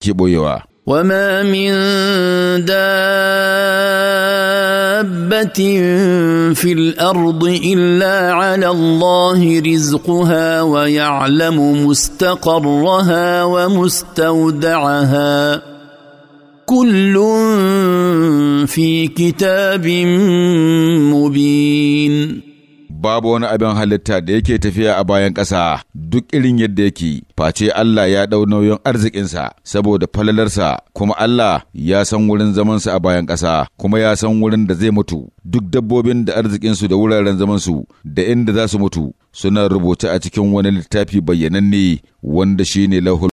ke وما من دابة في الأرض إلا على الله رزقها ويعلم مستقرها ومستودعها كل في كتاب مبين babu wani abin halitta da yake tafiya a bayan ƙasa duk irin yadda yake face Allah ya ɗau nauyin arzikinsa saboda falalarsa kuma Allah ya san wurin zamansa a bayan ƙasa kuma ya san wurin da zai mutu duk dabbobin da arzikinsu da wuraren zamansu da inda za su mutu suna rubuta a cikin wani littafi bayyananne wanda shine lahul